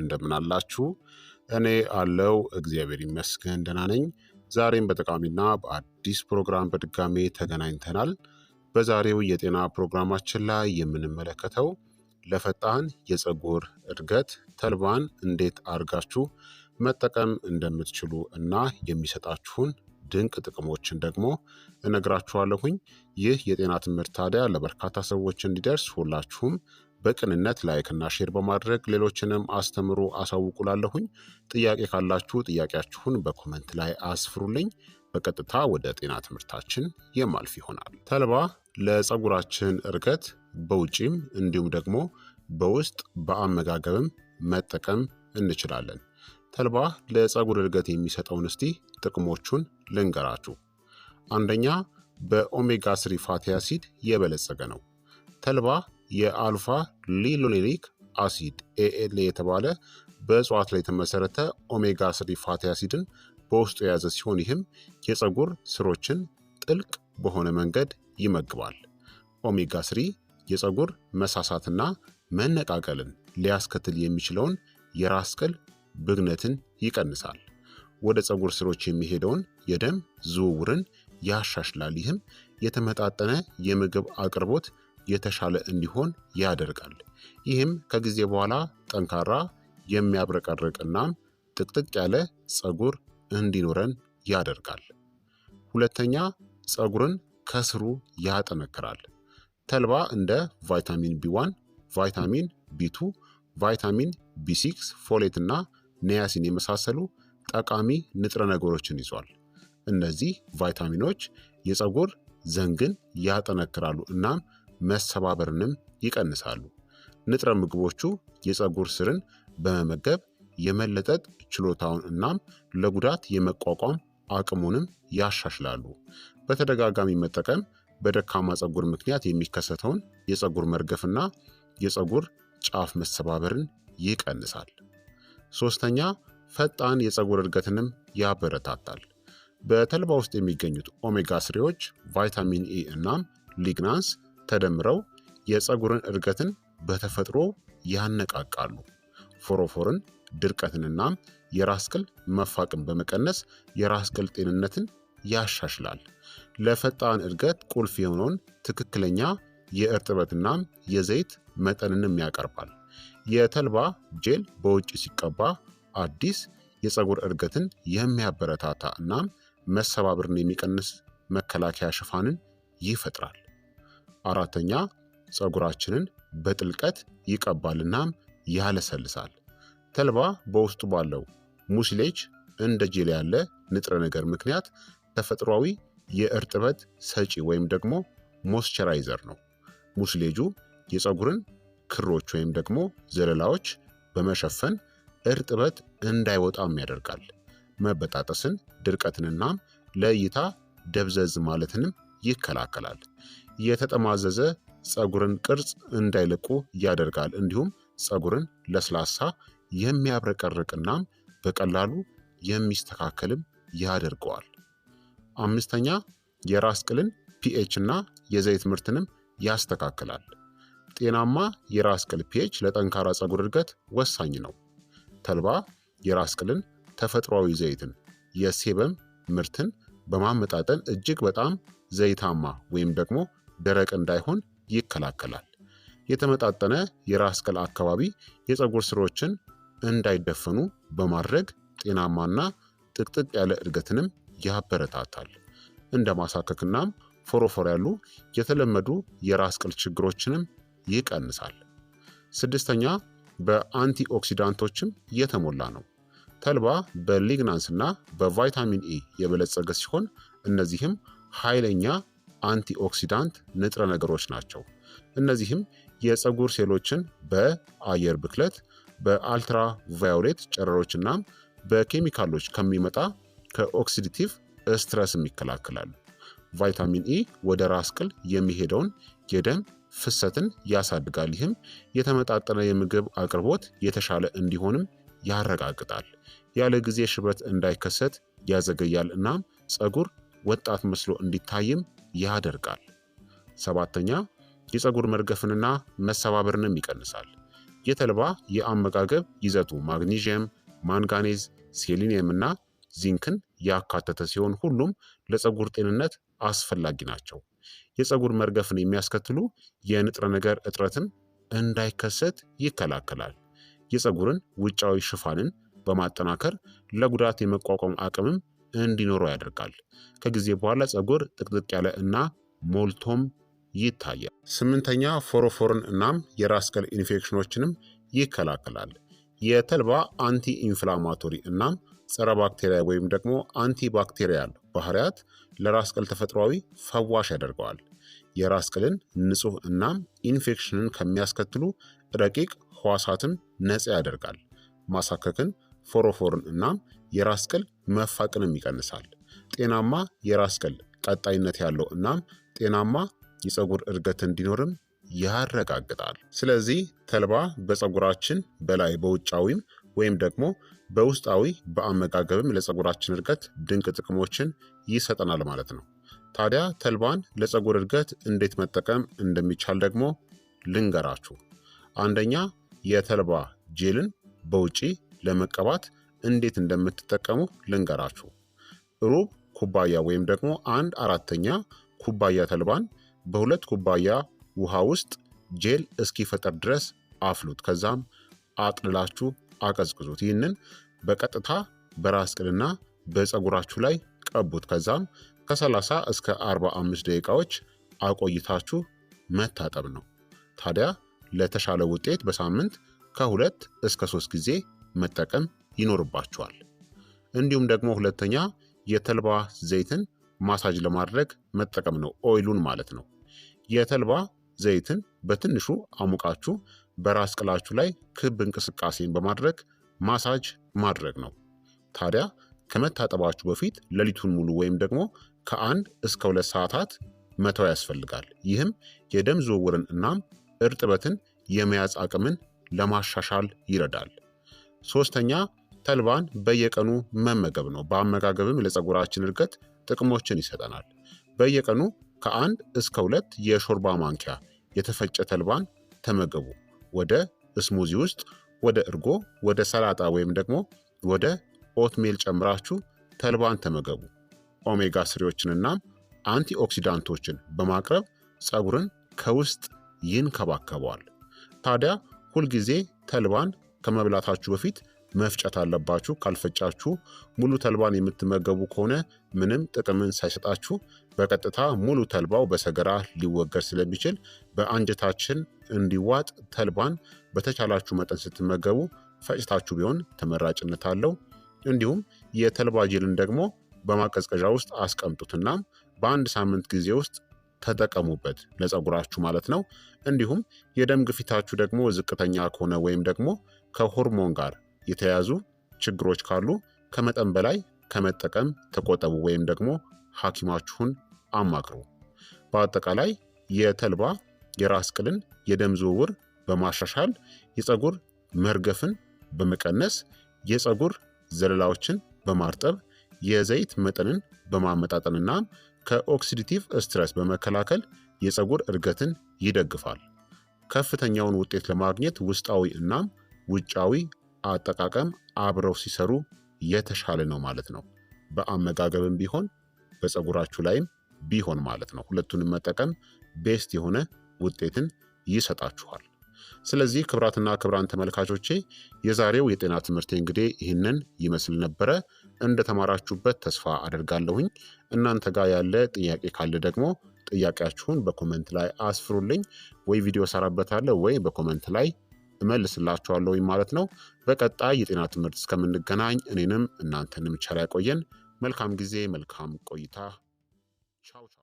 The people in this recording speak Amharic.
እንደምን አላችሁ? እኔ አለው እግዚአብሔር ይመስገን ደህና ነኝ። ዛሬም በጠቃሚና በአዲስ ፕሮግራም በድጋሜ ተገናኝተናል። በዛሬው የጤና ፕሮግራማችን ላይ የምንመለከተው ለፈጣን የፀጉር እድገት ተልባን እንዴት አድርጋችሁ መጠቀም እንደምትችሉ እና የሚሰጣችሁን ድንቅ ጥቅሞችን ደግሞ እነግራችኋለሁኝ። ይህ የጤና ትምህርት ታዲያ ለበርካታ ሰዎች እንዲደርስ ሁላችሁም በቅንነት ላይክና ሼር በማድረግ ሌሎችንም አስተምሩ አሳውቁላለሁኝ። ጥያቄ ካላችሁ ጥያቄያችሁን በኮመንት ላይ አስፍሩልኝ። በቀጥታ ወደ ጤና ትምህርታችን የማልፍ ይሆናል። ተልባ ለፀጉራችን እድገት በውጪም እንዲሁም ደግሞ በውስጥ በአመጋገብም መጠቀም እንችላለን። ተልባ ለፀጉር እድገት የሚሰጠውን እስቲ ጥቅሞቹን ልንገራችሁ። አንደኛ በኦሜጋ ስሪ ፋቲ አሲድ የበለጸገ ነው። ተልባ የአልፋ ሊኖሌኒክ አሲድ ኤኤልኤ የተባለ በእጽዋት ላይ የተመሰረተ ኦሜጋ ስሪ ፋቲ አሲድን በውስጡ የያዘ ሲሆን ይህም የፀጉር ስሮችን ጥልቅ በሆነ መንገድ ይመግባል። ኦሜጋ ስሪ የፀጉር መሳሳትና መነቃቀልን ሊያስከትል የሚችለውን የራስ ቅል ብግነትን ይቀንሳል። ወደ ፀጉር ስሮች የሚሄደውን የደም ዝውውርን ያሻሽላል። ይህም የተመጣጠነ የምግብ አቅርቦት የተሻለ እንዲሆን ያደርጋል። ይህም ከጊዜ በኋላ ጠንካራ የሚያብረቀርቅ ጥቅጥቅ ያለ ፀጉር እንዲኖረን ያደርጋል። ሁለተኛ ፀጉርን ከስሩ ያጠነክራል። ተልባ እንደ ቫይታሚን ቢ1፣ ቫይታሚን ቢ2፣ ቫይታሚን ቢ6፣ ፎሌት እና ኒያሲን የመሳሰሉ ጠቃሚ ንጥረ ነገሮችን ይዟል። እነዚህ ቫይታሚኖች የፀጉር ዘንግን ያጠነክራሉ እናም መሰባበርንም ይቀንሳሉ። ንጥረ ምግቦቹ የፀጉር ስርን በመመገብ የመለጠጥ ችሎታውን እናም ለጉዳት የመቋቋም አቅሙንም ያሻሽላሉ። በተደጋጋሚ መጠቀም በደካማ ፀጉር ምክንያት የሚከሰተውን የፀጉር መርገፍና የፀጉር ጫፍ መሰባበርን ይቀንሳል። ሶስተኛ ፈጣን የፀጉር እድገትንም ያበረታታል። በተልባ ውስጥ የሚገኙት ኦሜጋ ስሬዎች ቫይታሚን ኤ እናም ሊግናንስ ተደምረው የፀጉርን እድገትን በተፈጥሮ ያነቃቃሉ። ፎሮፎርን፣ ድርቀትንና የራስ ቅል መፋቅን በመቀነስ የራስ ቅል ጤንነትን ያሻሽላል። ለፈጣን እድገት ቁልፍ የሆነውን ትክክለኛ የእርጥበትና የዘይት መጠንንም ያቀርባል። የተልባ ጄል በውጭ ሲቀባ አዲስ የፀጉር እድገትን የሚያበረታታ እናም መሰባብርን የሚቀንስ መከላከያ ሽፋንን ይፈጥራል። አራተኛ ፀጉራችንን በጥልቀት ይቀባል እናም ያለሰልሳል። ተልባ በውስጡ ባለው ሙስሌጅ እንደ ጄል ያለ ንጥረ ነገር ምክንያት ተፈጥሯዊ የእርጥበት ሰጪ ወይም ደግሞ ሞስቸራይዘር ነው። ሙስሌጁ የፀጉርን ክሮች ወይም ደግሞ ዘለላዎች በመሸፈን እርጥበት እንዳይወጣም ያደርጋል። መበጣጠስን፣ ድርቀትንናም ለእይታ ደብዘዝ ማለትንም ይከላከላል። የተጠማዘዘ ፀጉርን ቅርጽ እንዳይለቁ ያደርጋል። እንዲሁም ፀጉርን ለስላሳ የሚያብረቀርቅናም በቀላሉ የሚስተካከልም ያደርገዋል። አምስተኛ የራስ ቅልን ፒኤች እና የዘይት ምርትንም ያስተካክላል። ጤናማ የራስ ቅል ፒኤች ለጠንካራ ፀጉር እድገት ወሳኝ ነው። ተልባ የራስ ቅልን ተፈጥሯዊ ዘይትን የሴበም ምርትን በማመጣጠን እጅግ በጣም ዘይታማ ወይም ደግሞ ደረቅ እንዳይሆን ይከላከላል። የተመጣጠነ የራስ ቅል አካባቢ የፀጉር ስሮችን እንዳይደፈኑ በማድረግ ጤናማና ጥቅጥቅ ያለ እድገትንም ያበረታታል። እንደ ማሳከክናም ፎሮፎር ያሉ የተለመዱ የራስ ቅል ችግሮችንም ይቀንሳል። ስድስተኛ በአንቲ ኦክሲዳንቶችም የተሞላ ነው። ተልባ በሊግናንስ እና በቫይታሚን ኤ የበለጸገ ሲሆን እነዚህም ኃይለኛ አንቲኦክሲዳንት ንጥረ ነገሮች ናቸው። እነዚህም የፀጉር ሴሎችን በአየር ብክለት፣ በአልትራቫዮሌት ጨረሮች እናም በኬሚካሎች ከሚመጣ ከኦክሲዲቲቭ ስትረስም ይከላከላሉ። ቫይታሚን ኢ ወደ ራስ ቅል የሚሄደውን የደም ፍሰትን ያሳድጋል። ይህም የተመጣጠነ የምግብ አቅርቦት የተሻለ እንዲሆንም ያረጋግጣል። ያለ ጊዜ ሽበት እንዳይከሰት ያዘገያል። እናም ፀጉር ወጣት መስሎ እንዲታይም ያደርጋል። ሰባተኛ የፀጉር መርገፍንና መሰባበርንም ይቀንሳል። የተልባ የአመጋገብ ይዘቱ ማግኒዥየም፣ ማንጋኔዝ፣ ሴሊኒየም እና ዚንክን ያካተተ ሲሆን ሁሉም ለፀጉር ጤንነት አስፈላጊ ናቸው። የፀጉር መርገፍን የሚያስከትሉ የንጥረ ነገር እጥረትን እንዳይከሰት ይከላከላል። የፀጉርን ውጫዊ ሽፋንን በማጠናከር ለጉዳት የመቋቋም አቅምም እንዲኖረው ያደርጋል። ከጊዜ በኋላ ፀጉር ጥቅጥቅ ያለ እና ሞልቶም ይታያል። ስምንተኛ ፎሮፎርን እናም የራስ ቅል ኢንፌክሽኖችንም ይከላከላል። የተልባ አንቲ ኢንፍላማቶሪ እናም ጸረ ባክቴሪያ ወይም ደግሞ አንቲ ባክቴሪያል ባህሪያት ለራስ ቅል ተፈጥሯዊ ፈዋሽ ያደርገዋል። የራስ ቅልን ንጹህ እናም ኢንፌክሽንን ከሚያስከትሉ ረቂቅ ህዋሳትም ነጻ ያደርጋል። ማሳከክን ፎሮፎርን እናም የራስ ቅል መፋቅንም ይቀንሳል። ጤናማ የራስ ቅል ቀጣይነት ያለው እናም ጤናማ የፀጉር እድገት እንዲኖርም ያረጋግጣል። ስለዚህ ተልባ በፀጉራችን በላይ በውጫዊም ወይም ደግሞ በውስጣዊ በአመጋገብም ለፀጉራችን እድገት ድንቅ ጥቅሞችን ይሰጠናል ማለት ነው። ታዲያ ተልባን ለፀጉር እድገት እንዴት መጠቀም እንደሚቻል ደግሞ ልንገራችሁ። አንደኛ የተልባ ጄልን በውጪ ለመቀባት እንዴት እንደምትጠቀሙ ልንገራችሁ። ሩብ ኩባያ ወይም ደግሞ አንድ አራተኛ ኩባያ ተልባን በሁለት ኩባያ ውሃ ውስጥ ጄል እስኪፈጠር ድረስ አፍሉት። ከዛም አጥልላችሁ አቀዝቅዙት። ይህንን በቀጥታ በራስ ቅልና በፀጉራችሁ ላይ ቀቡት። ከዛም ከ30 እስከ 45 ደቂቃዎች አቆይታችሁ መታጠብ ነው። ታዲያ ለተሻለ ውጤት በሳምንት ከሁለት እስከ ሶስት ጊዜ መጠቀም ይኖርባቸዋል። እንዲሁም ደግሞ ሁለተኛ የተልባ ዘይትን ማሳጅ ለማድረግ መጠቀም ነው፣ ኦይሉን ማለት ነው። የተልባ ዘይትን በትንሹ አሙቃችሁ በራስ ቅላችሁ ላይ ክብ እንቅስቃሴን በማድረግ ማሳጅ ማድረግ ነው። ታዲያ ከመታጠባችሁ በፊት ሌሊቱን ሙሉ ወይም ደግሞ ከአንድ እስከ ሁለት ሰዓታት መተው ያስፈልጋል። ይህም የደም ዝውውርን እናም እርጥበትን የመያዝ አቅምን ለማሻሻል ይረዳል። ሶስተኛ ተልባን በየቀኑ መመገብ ነው። በአመጋገብም ለፀጉራችን እድገት ጥቅሞችን ይሰጠናል። በየቀኑ ከአንድ እስከ ሁለት የሾርባ ማንኪያ የተፈጨ ተልባን ተመገቡ። ወደ እስሙዚ ውስጥ፣ ወደ እርጎ፣ ወደ ሰላጣ ወይም ደግሞ ወደ ኦትሜል ጨምራችሁ ተልባን ተመገቡ። ኦሜጋ ስሪዎችንና አንቲ ኦክሲዳንቶችን በማቅረብ ፀጉርን ከውስጥ ይንከባከበዋል። ታዲያ ሁልጊዜ ተልባን ከመብላታችሁ በፊት መፍጨት አለባችሁ። ካልፈጫችሁ ሙሉ ተልባን የምትመገቡ ከሆነ ምንም ጥቅምን ሳይሰጣችሁ በቀጥታ ሙሉ ተልባው በሰገራ ሊወገድ ስለሚችል በአንጀታችን እንዲዋጥ ተልባን በተቻላችሁ መጠን ስትመገቡ ፈጭታችሁ ቢሆን ተመራጭነት አለው። እንዲሁም የተልባ ጅልን ደግሞ በማቀዝቀዣ ውስጥ አስቀምጡትና በአንድ ሳምንት ጊዜ ውስጥ ተጠቀሙበት ለፀጉራችሁ ማለት ነው። እንዲሁም የደም ግፊታችሁ ደግሞ ዝቅተኛ ከሆነ ወይም ደግሞ ከሆርሞን ጋር የተያዙ ችግሮች ካሉ ከመጠን በላይ ከመጠቀም ተቆጠቡ ወይም ደግሞ ሐኪማችሁን አማክሩ። በአጠቃላይ የተልባ የራስ ቅልን የደም ዝውውር በማሻሻል የፀጉር መርገፍን በመቀነስ የፀጉር ዘለላዎችን በማርጠብ የዘይት መጠንን በማመጣጠንና ከኦክሲዲቲቭ ስትረስ በመከላከል የፀጉር እድገትን ይደግፋል። ከፍተኛውን ውጤት ለማግኘት ውስጣዊ እናም ውጫዊ አጠቃቀም አብረው ሲሰሩ የተሻለ ነው ማለት ነው። በአመጋገብም ቢሆን በፀጉራችሁ ላይም ቢሆን ማለት ነው። ሁለቱንም መጠቀም ቤስት የሆነ ውጤትን ይሰጣችኋል። ስለዚህ ክብራትና ክብራን ተመልካቾቼ የዛሬው የጤና ትምህርቴ እንግዲህ ይህንን ይመስል ነበረ። እንደተማራችሁበት ተስፋ አደርጋለሁኝ። እናንተ ጋር ያለ ጥያቄ ካለ ደግሞ ጥያቄያችሁን በኮመንት ላይ አስፍሩልኝ። ወይ ቪዲዮ ሰራበታለሁ ወይ በኮመንት ላይ እመልስላችኋለሁኝ ማለት ነው። በቀጣይ የጤና ትምህርት እስከምንገናኝ እኔንም እናንተንም ቸር ያቆየን። መልካም ጊዜ፣ መልካም ቆይታ። ቻው ቻው።